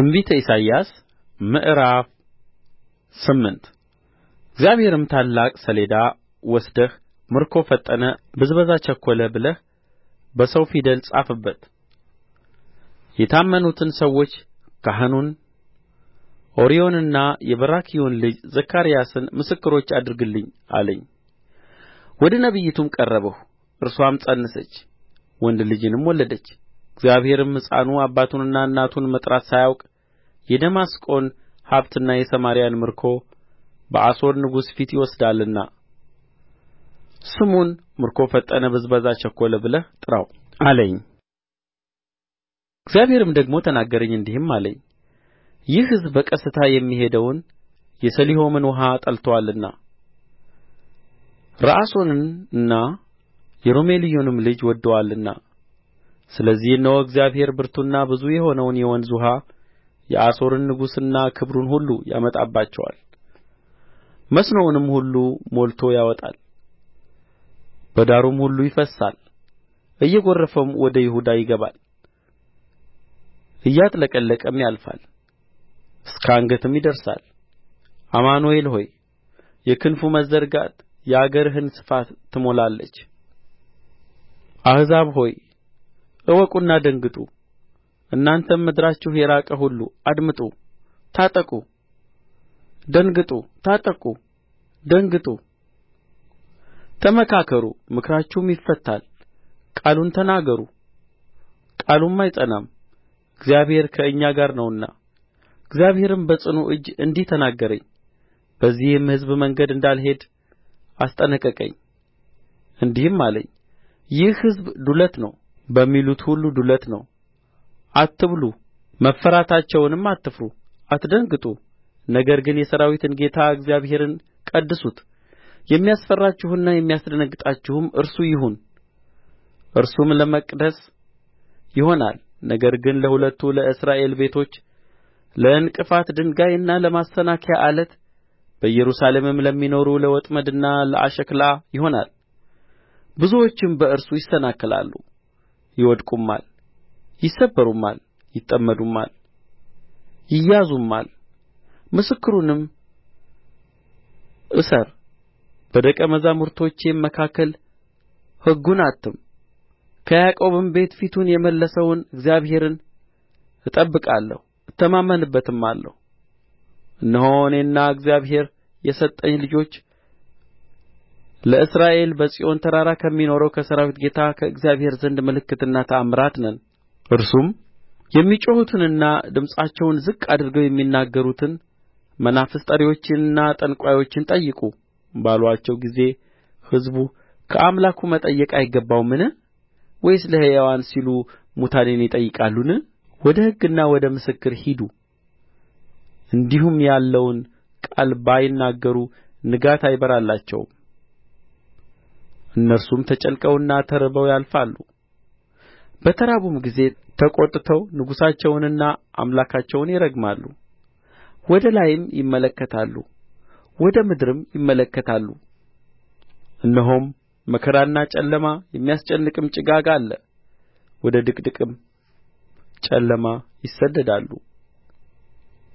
ትንቢተ ኢሳይያስ ምዕራፍ ስምንት እግዚአብሔርም ታላቅ ሰሌዳ ወስደህ ምርኮ ፈጠነ ብዝበዛ ቸኰለ ብለህ በሰው ፊደል ጻፍበት የታመኑትን ሰዎች ካህኑን ኦርዮንና የበራክዩን ልጅ ዘካርያስን ምስክሮች አድርግልኝ አለኝ። ወደ ነቢይቱም ቀረብሁ፣ እርሷም ፀነሰች፣ ወንድ ልጅንም ወለደች። እግዚአብሔርም ሕፃኑ አባቱንና እናቱን መጥራት ሳያውቅ የደማስቆን ሀብትና የሰማርያን ምርኮ በአሦር ንጉሥ ፊት ይወስዳልና ስሙን ምርኮ ፈጠነ ብዝበዛ ቸኰለ ብለህ ጥራው አለኝ እግዚአብሔርም ደግሞ ተናገረኝ እንዲህም አለኝ ይህ ሕዝብ በቀስታ የሚሄደውን የሰሊሆምን ውኃ ጠልቶአልና ረአሶንንና የሮሜልዩንም ልጅ ወድዶአልና ስለዚህ እነሆ እግዚአብሔር ብርቱና ብዙ የሆነውን የወንዝ ውኃ የአሦርን ንጉሥና ክብሩን ሁሉ ያመጣባቸዋል መስኖውንም ሁሉ ሞልቶ ያወጣል በዳሩም ሁሉ ይፈስሳል እየጐረፈም ወደ ይሁዳ ይገባል እያጥለቀለቀም ያልፋል እስከ አንገትም ይደርሳል አማኑኤል ሆይ የክንፉ መዘርጋት የአገርህን ስፋት ትሞላለች አሕዛብ ሆይ እወቁና ደንግጡ እናንተም ምድራችሁ የራቀ ሁሉ አድምጡ ታጠቁ ደንግጡ ታጠቁ ደንግጡ ተመካከሩ ምክራችሁም ይፈታል ቃሉን ተናገሩ ቃሉም አይጸናም እግዚአብሔር ከእኛ ጋር ነውና እግዚአብሔርም በጽኑ እጅ እንዲህ ተናገረኝ በዚህም ሕዝብ መንገድ እንዳልሄድ አስጠነቀቀኝ እንዲህም አለኝ ይህ ሕዝብ ዱለት ነው በሚሉት ሁሉ ዱለት ነው አትብሉ መፈራታቸውንም አትፍሩ አትደንግጡ ነገር ግን የሠራዊትን ጌታ እግዚአብሔርን ቀድሱት የሚያስፈራችሁና የሚያስደነግጣችሁም እርሱ ይሁን እርሱም ለመቅደስ ይሆናል ነገር ግን ለሁለቱ ለእስራኤል ቤቶች ለእንቅፋት ድንጋይና ለማሰናከያ ዓለት በኢየሩሳሌምም ለሚኖሩ ለወጥመድና ለአሽክላ ይሆናል ብዙዎችም በእርሱ ይሰናከላሉ ይወድቁማል ይሰበሩማል ይጠመዱማል ይያዙማል ምስክሩንም እሰር በደቀ መዛሙርቶቼም መካከል ሕጉን አትም ከያዕቆብም ቤት ፊቱን የመለሰውን እግዚአብሔርን እጠብቃለሁ እተማመንበትማለሁ እነሆ እኔና እግዚአብሔር የሰጠኝ ልጆች ለእስራኤል በጽዮን ተራራ ከሚኖረው ከሠራዊት ጌታ ከእግዚአብሔር ዘንድ ምልክትና ተአምራት ነን እርሱም የሚጮኹትንና ድምፃቸውን ዝቅ አድርገው የሚናገሩትን መናፍስት ጠሪዎችንና ጠንቋዮችን ጠይቁ ባሉአቸው ጊዜ ሕዝቡ ከአምላኩ መጠየቅ አይገባውምን ወይስ ለሕያዋን ሲሉ ሙታንን ይጠይቃሉን ወደ ሕግና ወደ ምስክር ሂዱ እንዲህም ያለውን ቃል ባይናገሩ ንጋት አይበራላቸውም እነርሱም ተጨንቀውና ተርበው ያልፋሉ በተራቡም ጊዜ ተቈጥተው ንጉሣቸውንና አምላካቸውን ይረግማሉ ወደ ላይም ይመለከታሉ ወደ ምድርም ይመለከታሉ እነሆም መከራና ጨለማ የሚያስጨንቅም ጭጋግ አለ ወደ ድቅድቅም ጨለማ ይሰደዳሉ